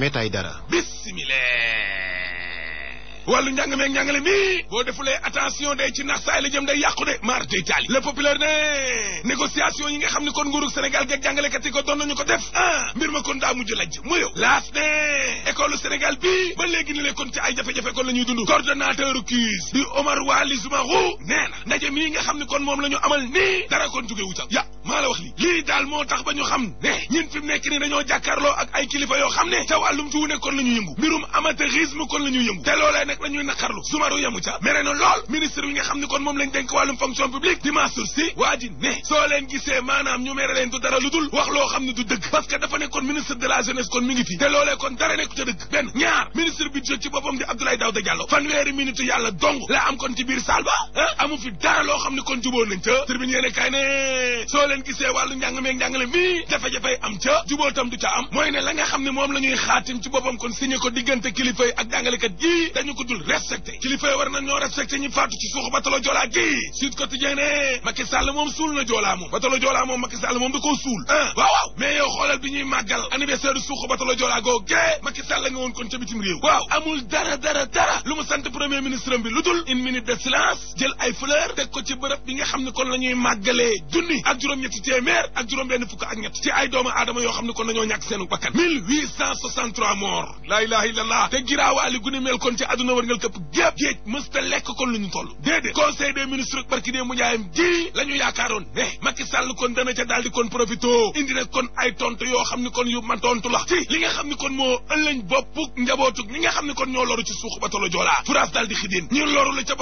métay dara bismillah wàllu njàng meeg njàngale mi boo defulee attention de ci nax saay la jëm day yàqu de maar day taali le populaire ne négociation yi nga xam ne kon nguurug Sénégal geeg jàngalekat yi ko doon nañu ko def ah mbir ma kon daa mujj lajj mu yow laas ne Sénégal bi ba léegi ni le kon ci ay jafe-jafe kon la ñuy dund coordonnateur CUS di Omar Waly Soumarou nee na ndaje mii nga xam ne kon moom la ñu amal nii dara kon jóge wu maa la wax li lii daal moo tax ba ñu xam ne ñun fi mu nekk ni dañoo jàkkaarloo ak ay kilifa yoo xam ne ca wàllum tuune kon la yëngu mbirum amateurisme kon la yëngu te loolee nag la naqarlu sumaru yamu ca mere na lool ministre bi nga xam ne kon moom lañ dénk wàllum fonction publique di Mansour Sy waa ji ne soo leen gisee maanaam ñu mere leen du dara lu dul wax loo xam ne du dëgg parce que dafa ne kon ministre de la jeunesse kon mi ngi ngeen wàllu njàng njàngale mii jafe-jafey am ca juboo du ca am mooy ne la nga xam ne moom la xaatim ci boppam kon signé ko diggante kilifa yi ak jàngalekat yi dañu ko dul respecté kilifa yi war na ñoo respecté ñu faatu ci suuxu batalo joolaa gii Sud Quotidien ne Macky Sall moom suul na joolaa moom batalo moom Macky moom da koo suul ah waaw waaw mais yow xoolal bi ñuy màggal anniversaire suuxu batalo googu Macky Sall la nga woon kon ca bitim réew waaw ñetti téeméer ak juróom benn fukk ak ñett ci ay doomu aadama yoo xam ne kon nañoo ñàkk seenu bakkan 1863 morts laa ilaha te giraawaali gu mel kon ci àdduna wërngal këpp gépp géej mës lekk kon lu ñu toll déedéet conseil des ministres barki mu njaayam ji la yaakaaroon ne Macky Sall kon dana ca daal di kon profité indi kon ay tontu yoo xam ne kon yu ma tontu la ci li nga xam ne kon moo ëllëñ boppuk njabootug ñi nga xam ne kon ñoo loru ci suuxu bato la joolaa France daal di xidin ñu loru la ca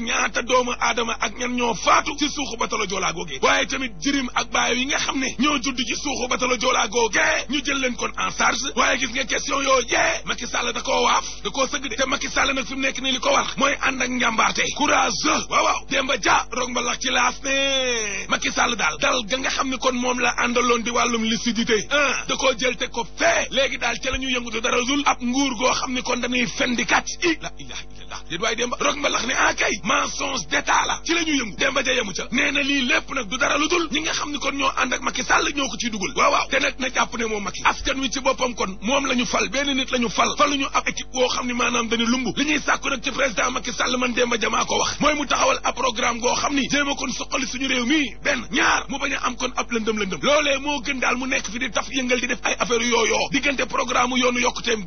ñaata dooma aadama ak ñan ñoo faatu ci suuxu batalo joolaa googe waaye tamit jirim ak baayo yi nga xam ne ñoo judd ci suuxu batalo joolaa googe ñu jël leen kon en charge waaye gis nga question yoo jee Macky Sall da koo waaf da koo sëgg de te Macky Sall nag fi mu nekk nii li ko war mooy ànd ak njàmbaarte courage waaw waaw Demba Dia roog mba lax ci laas ne Macky Sall daal dal ga nga xam ne kon moom la àndaloon di wàllum lucidité ah da jël te ko fee léegi daal ca la ñuy dara dul ab nguur goo xam ne kon dañuy fendikat i la ilaha illallah déet mensonge d'état la ci la ñu yëngu Demba Dia yemu ca nee lii lépp nag du dara lu dul ñi nga xam ni kon ñoo ànd ak Macky Sall ñoo ko ciy dugal waaw te na jàpp ne moom Macky askan wi ci boppam kon moom la fal benn nit la ñu fal faluñu ab équipe boo xam ni maanaam dañu lumb li ñuy sàkku nag ci président Macky Sall man Demba Dia maa ko wax mooy mu taxawal ab programme goo xam ni jéem a kon suqali suñu réew mi benn ñaar mu bañ am kon ab lëndëm lëndëm loolee moo gën daal mu nekk fi di taf yëngal di def ay affaire yooyoo diggante programme yoonu yokkuteem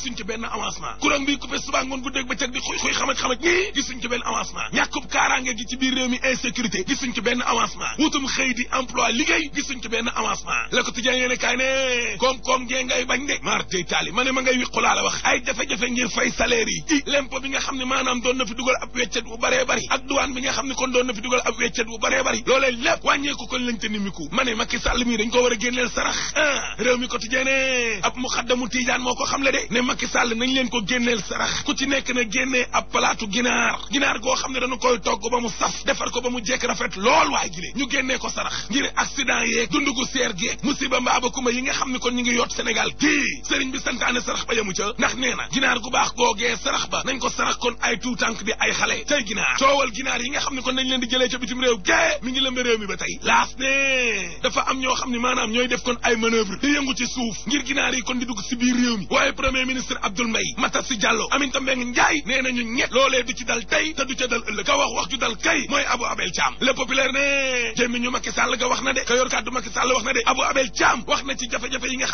gisuñ ci benn avancement courant bi coupé suba ngoon guddeeg bëccëg di xuy xuy xamaj xamaj nii gisuñ ci benn avancement ñàkkub kaaraange gi ci biir réew mi insécurité gisuñ ci benn avancement wutum xëy di emploi liggéey gisuñ ci benn avancement la ko tijjee yéene kaay ne koom-koom gee ngay bañ de mar taali ma ma ngay wiqulaa la wax ay jafe-jafe ngir fay salaire lempo bi nga xam ne maanaam doon na fi dugal ab weccet bu baree bari ak duwaan wàññeeku kon lañ te nimiku ma ne Macky Sall mii Macky Sall nañ leen ko génneel sarax ku ci nekk na génnee ab palaatu ginaar ginaar goo xam ne dañu koy togg ba mu saf defar ko ba mu jekk rafet lool waa gilee ñu génnee ko sarax ngir accident yeeg dund gu seer geeg musiba mbaaba kuma yi nga xam ne kon ñu ngi yott Sénégal gii sëriñ bi santaane sarax ba yamu ca ndax nee na ginaar gu baax googee sarax ba nañ ko sarax kon ay tuutànk di ay xale tey ginaar coowal ginaar yi nga xam ne kon nañ leen di jëlee ca bitim réew gée mi ngi lëmbe réew mi ba tey laas ne dafa am ñoo ñooy def kon ay manœuvre di yëngu ci suuf yi kon di dugg ministre Abdoul Mbaye Matar Sy Diallo Aminata Mbengue Ndiaye nee nañu ñett loolee du ci dal tey te ca dal ëllëg ka wax wax ju dal kay mooy Abou Abel Thiam ga wax na de ka ci jafe-jafe yi nga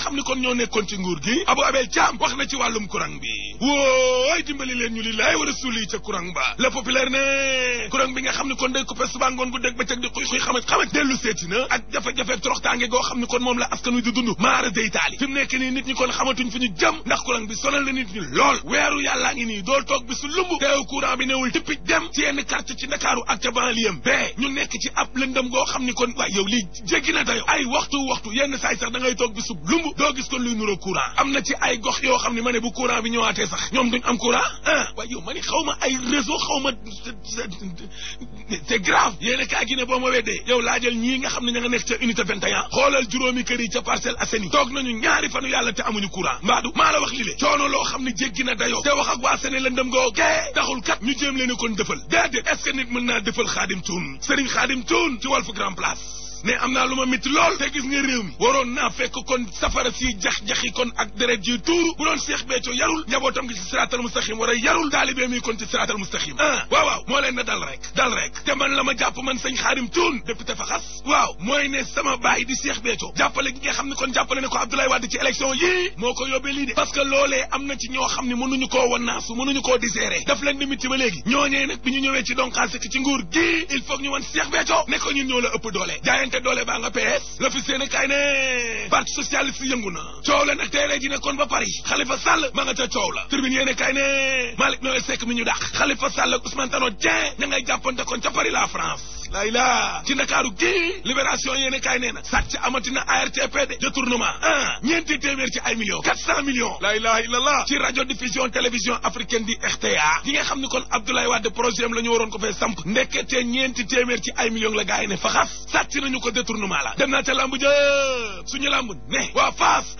xam ne kon ñoo nekkoon ci nguur gi Abou Abel Thiam wax na ci wàllum courant bi wooy dimbali ñu li laay war a suuli ca courant ba la populaire ne courant bi nga xam ne kon day coupé suba gu dégg bëccëg di xuy xuy xamaj xamaj dellu seeti ak jafe-jafe toroxtaange goo xam ne kon moom la askan wi di dund maara day taali fi nekk nii nit ñi kon xamatuñ fi ñu jëm ndax courant bi sonal la nit ñi lool weeru yàllaa ngi nii dool toog bi su lumb teew courant bi newul tippi dem ci yenn quartier ci ndakaaru ak ca banlieue bee ñu nekk ci ab lëndëm goo xam ni kon waay yow lii na ay waxtu waxtu yenn saay sax da ngay toog bi sub lumb doo gis kon luy am na ci ay gox yoo xam ne ma ne bu courant bi ñëwaatee sax ñoom duñ am courant ah waaye yow ma xaw ma ay réseau xaw ma c'est grave yéena kaa gi boo ma weddee yow laajal ñii nga xam ne ña nekk ca unité 21 xoolal juróomi kër yi ca Parcelles Assainies toog nañu ñaari fanu yàlla te amuñu courant mbaadu maa la wax li le coono loo xam ne jéggi na dayoo te wax ak waa sene lëndëm goo gee taxul kat ñu jéem leen kon defal déedéet est-ce que nit mën naa defal xaadim tuun Serigne xaadim tuun ci Walf Grand Place ne am na lu ma métti lool te gis nga réew mi waroon naa fekk kon safara si jax-jaxi kon ak deret ji tuuru bu doon Cheikh Béthio yarul njabootam gi ci siraatal mustaqim a ah waaw waaw moo leen dal rek dal rek te man la ma jàpp man sëñ xaarim tuun député fa xas waaw mooy ne sama baay di Cheikh Béthio jàppale gi nga xam ne kon jàppale ne ko Abdoulaye Wade ci élection yii moo ko yóbbee lii de parce que loolee am na ci ñoo xam ne mënuñu koo wannaasu mënuñu koo diseere ñu ñëwee ci donkaase ci nguur gii il faut te doole baa nga PS la fi seen kaay ne parti socialiste yëngu na coow la nag teeree ji ne kon ba Paris Khalifa Sall ma nga ca coow la tribune yéene kaay ne Malick Noël Seck mi ñu dàq Khalifa Sall ak Ousmane Tanor Dieng ña ngay jàppante kon ca Paris la France lay la ci ndakaaru gi libération yéene kaay nee na sàcc amatina ARTP de détournement ah ñeenti téeméer ci ay millions quatre cent millions la ilaha illallah ci radio diffusion télévision africaine di RTA gi nga xam ne kon Abdoulaye Wade projet am la ñu waroon ko fee samp ndekete ñeenti téeméer ci ay millions la gaay ne faxas sàcc nañu ko détournement la dem naa ca lamb ja suñu lamb ne waa Fass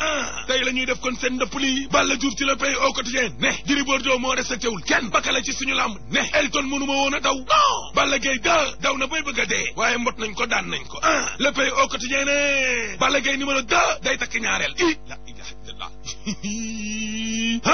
la ñuy def kon seen ndëpp lii Balla Diouf ci le pays au quotidien ne Gris Bordeaux moo respecté wul kenn bakala ci suñu làmb ne Elton mënuma woon a daw non Balla Gaye da daw na bay bëgg a dee waaye mbot nañ ko daan nañ ko ah le pays au quotidien ne Balla Gaye numéro deux day takk ñaareel i la ilaha illallah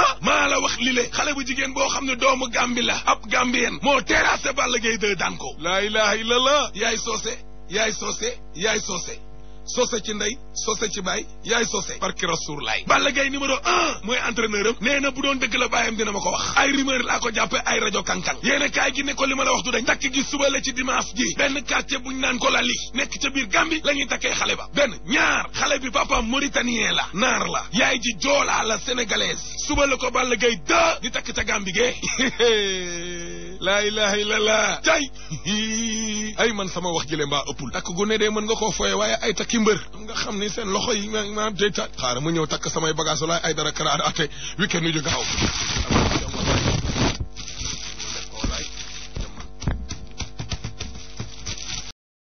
ah maa la wax lile xale bu jigéen boo xam ne doomu Gàmbi la ab Gàmbien moo terrassé Balla Gaye 2 daan ko. laa ilaha illallah yaay soose yaay soose yaay soose sose ci ndey sose ci baay yaay sose barki rasuur laay Balla Gaye numéro un mooy entraîneur am nee na bu doon dëgg la baayam dina ma ko wax ay rumeur laa ko jàppe ay rajo kankan yéen a gi ne ko li ma la wax du dañ takk gi suba la ci dimanche ji benn quartier buñ naan ko la li nekk ca biir Gàmbi la ñuy takkee xale ba benn ñaar xale bi papa mauritanien la naar la yaay ji joolaa la sénégalaise suba la ko Balla Gaye deux di takk ca Gàmbi gee laa ilaha ay man sama wax jële mbaa ëppul takk gu ne dee mën nga koo foye waaye ay takki mbër nga xam ni seen loxo yi maanaam day taaj xaara mu ñëw takk samay bagage walaay ay dara karaar ate weekend yu jóg aw